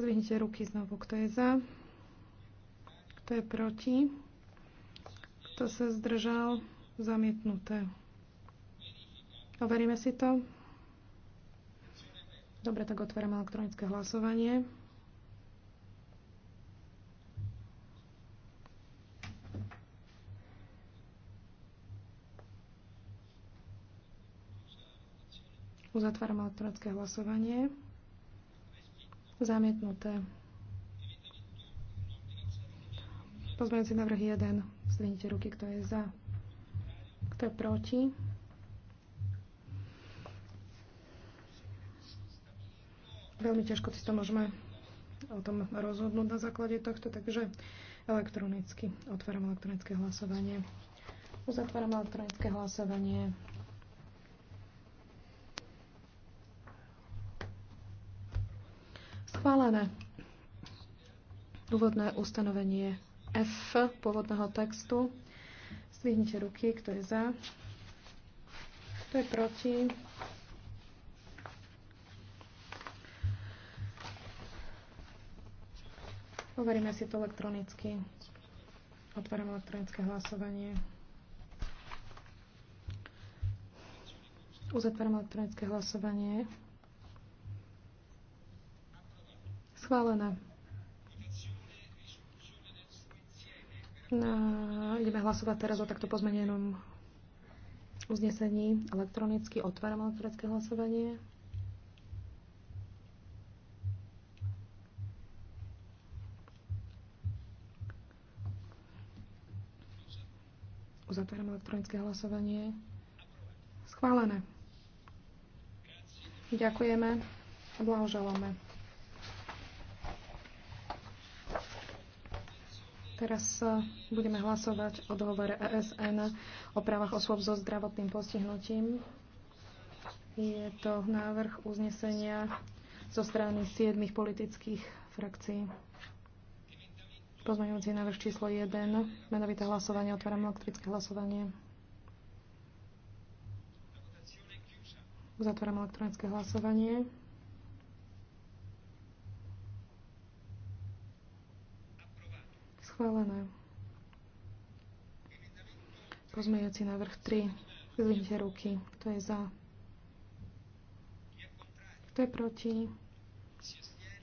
Zdvihnite ruky znovu, kto je za. Kto je proti. To sa zdržal? Zamietnuté. Overíme si to. Dobre, tak otvárame elektronické hlasovanie. Uzatváram elektronické hlasovanie. Zamietnuté. Pozmeňujúci návrh 1. Zvinite ruky, kto je za. Kto je proti? Veľmi ťažko si to môžeme o tom rozhodnúť na základe tohto, takže elektronicky. Otváram elektronické hlasovanie. Uzatváram elektronické hlasovanie. Schválené. Úvodné ustanovenie F pôvodného textu. Zdvihnite ruky, kto je za, kto je proti. Overíme si to elektronicky. Otvorím elektronické hlasovanie. Uzatváram elektronické hlasovanie. Schválené. No, ideme hlasovať teraz o takto pozmenenom uznesení elektronicky. Otváram elektronické hlasovanie. Uzatváram elektronické hlasovanie. Schválené. Ďakujeme a blahoželáme. Teraz e, budeme hlasovať o dohovore ESN o právach osôb so zdravotným postihnutím. Je to návrh uznesenia zo strany siedmých politických frakcií. Pozmeňujúci návrh číslo 1, menovité hlasovanie, otváram elektrické hlasovanie. Uzatváram elektronické hlasovanie. Schválené. Pozmejúci návrh 3. Vyvinite ruky. Kto je za? Kto je proti?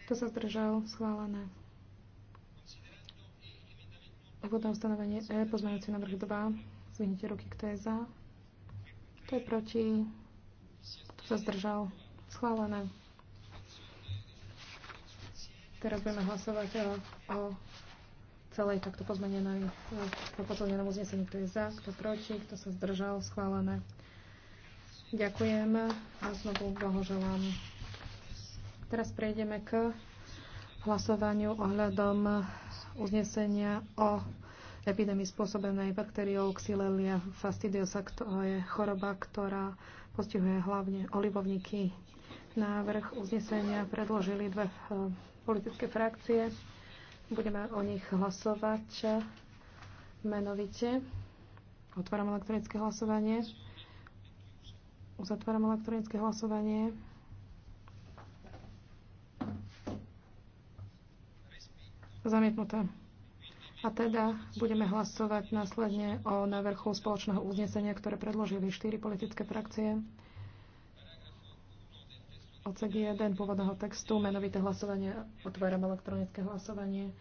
Kto sa zdržal? Schválené. Úvodné ustanovenie E. Pozmejúci návrh 2. Zvihnite ruky. Kto je za? Kto je proti? Kto sa zdržal? Schválené. Teraz budeme hlasovať o, o celej takto pozmenenom, e, pozmenenom uznesení, kto je za, kto proti, kto sa zdržal, schválené. Ďakujem a znovu blahoželám. Teraz prejdeme k hlasovaniu ohľadom uznesenia o epidémii spôsobenej bakteriou Xylella fastidiosa, to je choroba, ktorá postihuje hlavne olivovníky. Návrh uznesenia predložili dve e, politické frakcie. Budeme o nich hlasovať menovite. Otváram elektronické hlasovanie. Uzatváram elektronické hlasovanie. Zamietnuté. A teda budeme hlasovať následne o návrhu spoločného uznesenia, ktoré predložili štyri politické frakcie. Odsek 1 pôvodného textu, menovité hlasovanie, otváram elektronické hlasovanie.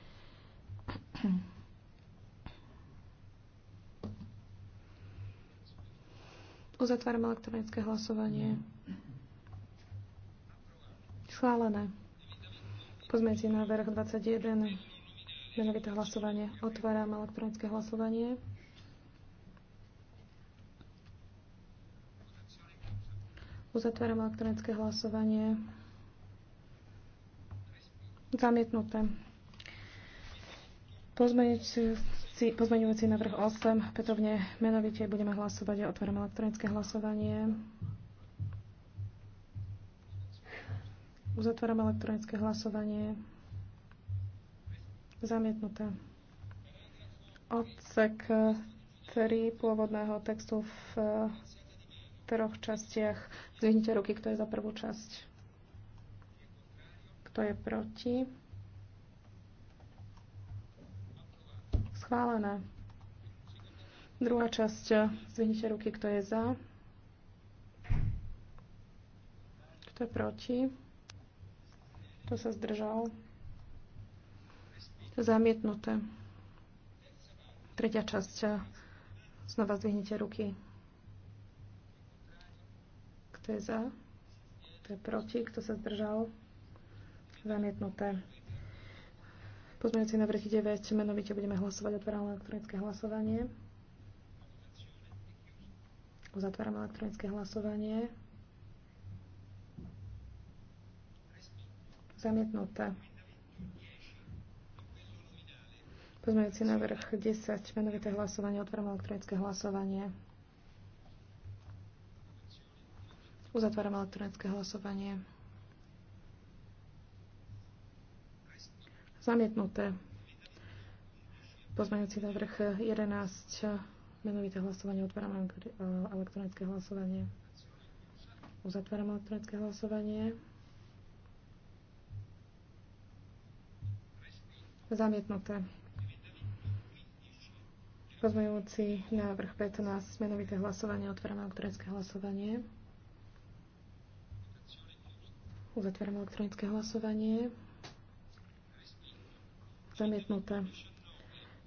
Uzatváram elektronické hlasovanie. Schválené. na návrh 21. Menovité hlasovanie. Otváram elektronické hlasovanie. Uzatváram elektronické hlasovanie. Zamietnuté. Pozmeňujúci, návrh 8. Petovne menovite budeme hlasovať. a otváram elektronické hlasovanie. Uzatváram elektronické hlasovanie. Zamietnuté. Odsek 3 pôvodného textu v troch častiach. Zvihnite ruky, kto je za prvú časť. Kto je proti? Schválené. Druhá časť. Zvihnite ruky, kto je za. Kto je proti? Kto sa zdržal? Zamietnuté. Tretia časť. Znova zvihnite ruky. Kto je za? Kto je proti? Kto sa zdržal? Zamietnuté. Pozmeňujúci návrh 9. Menovite budeme hlasovať. Otváram elektronické hlasovanie. Uzatváram elektronické hlasovanie. Zamietnuté. Pozmeňujúci návrh 10. Menovité hlasovanie. Otváram elektronické hlasovanie. Uzatváram elektronické hlasovanie. Zamietnuté. Pozmeňujúci návrh 11. Menovité hlasovanie. Otváram elektronické hlasovanie. Uzatváram elektronické hlasovanie. Zamietnuté. Pozmejúci návrh 15. Menovité hlasovanie. Otváram elektronické hlasovanie. Uzatváram elektronické hlasovanie. Zamietnuté.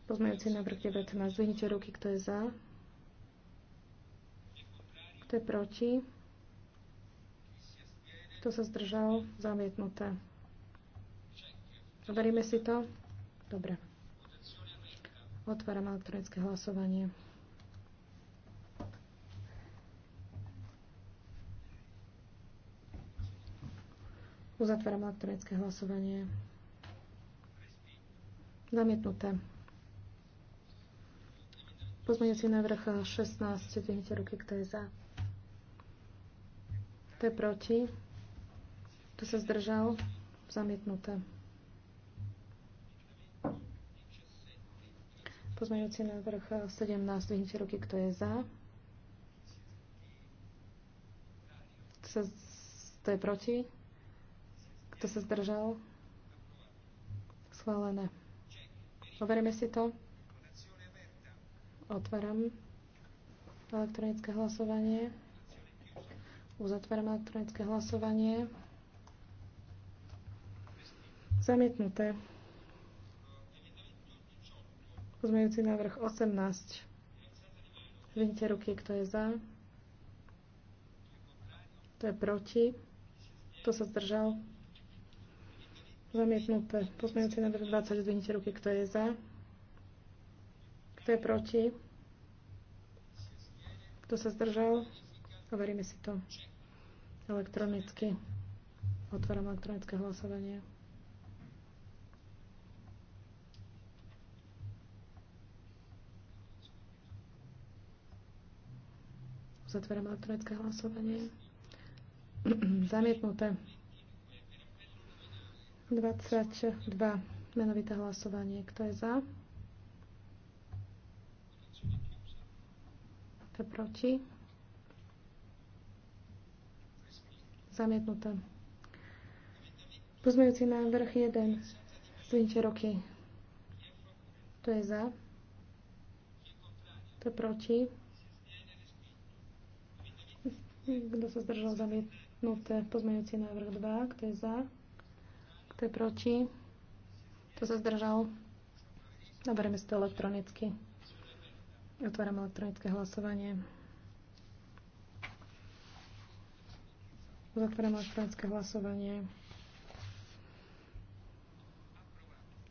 Pozmejúci návrh 19. Zdvihnite ruky, kto je za. Kto je proti? Kto sa zdržal? Zamietnuté. Overíme si to? Dobre. Otváram elektronické hlasovanie. Uzatváram elektronické hlasovanie. Zamietnuté. Pozmeňujúci návrh 16. Dvihnite ruky, kto je za. Kto je proti? Kto sa zdržal? Zamietnuté. Pozmeňujúci návrh 17. Dvihnite ruky, kto je za. Kto, sa, kto je proti? Kto sa zdržal? Schválené. Overíme si to. Otváram elektronické hlasovanie. Uzatváram elektronické hlasovanie. Zamietnuté. Pozmejúci návrh 18. Zvinte ruky, kto je za. Kto je proti. Kto sa zdržal. Zamietnuté. Pozmeňujúci návrh 20. Zdvihnite ruky, kto je za. Kto je proti? Kto sa zdržal? Overíme si to elektronicky. Otváram elektronické hlasovanie. Zatváram elektronické hlasovanie. <clears throat> Zamietnuté. 22. Menovité hlasovanie. Kto je za? Kto je proti? Zamietnuté. Pozmejúci návrh 1. Zvinite roky. Kto je za? Kto je proti? Kto sa zdržal zamietnuté? Pozmejúci návrh 2. Kto je za? Kto je proti? Kto sa zdržal? Naberieme si to elektronicky. Otváram elektronické hlasovanie. Zatváram elektronické hlasovanie.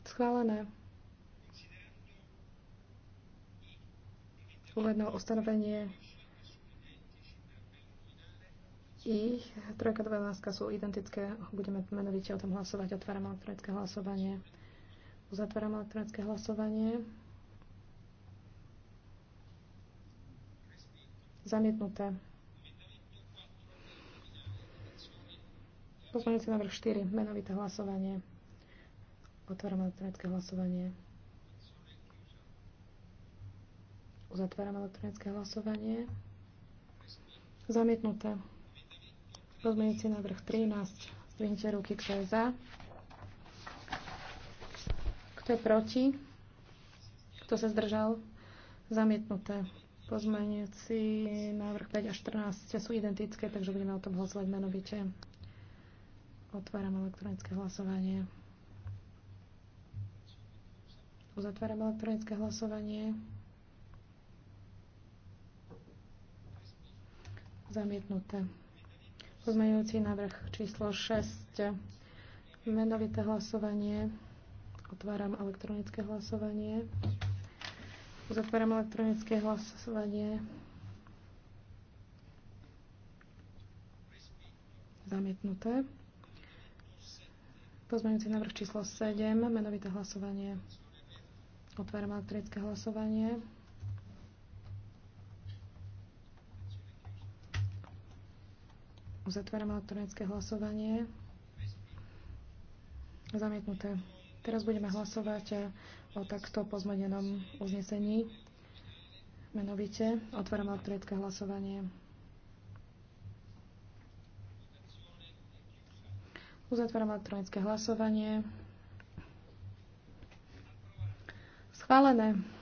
Schválené. Uvedno ustanovenie ich. Trojka 12 sú identické. Budeme menovite o tom hlasovať. Otváram elektronické hlasovanie. Uzatváram elektronické hlasovanie. Zamietnuté. Pozmeňujúci návrh 4. Menovité hlasovanie. Otváram elektronické hlasovanie. Uzatváram elektronické hlasovanie. Zamietnuté. Pozmeňujúci návrh 13. Zdvihnite ruky, kto je za. Kto je proti? Kto sa zdržal? Zamietnuté. Pozmeňujúci návrh 5 a 14 sú identické, takže budeme o tom hlasovať menovite. Otváram elektronické hlasovanie. Uzatváram elektronické hlasovanie. Zamietnuté. Pozmeňujúci návrh číslo 6. Menovité hlasovanie. Otváram elektronické hlasovanie. Uzatváram elektronické hlasovanie. Zamietnuté. Pozmeňujúci návrh číslo 7. Menovité hlasovanie. Otváram elektronické hlasovanie. Uzatváram elektronické hlasovanie. Zamietnuté. Teraz budeme hlasovať o takto pozmenenom uznesení. Menovite otváram elektronické hlasovanie. Uzatváram elektronické hlasovanie. Schválené.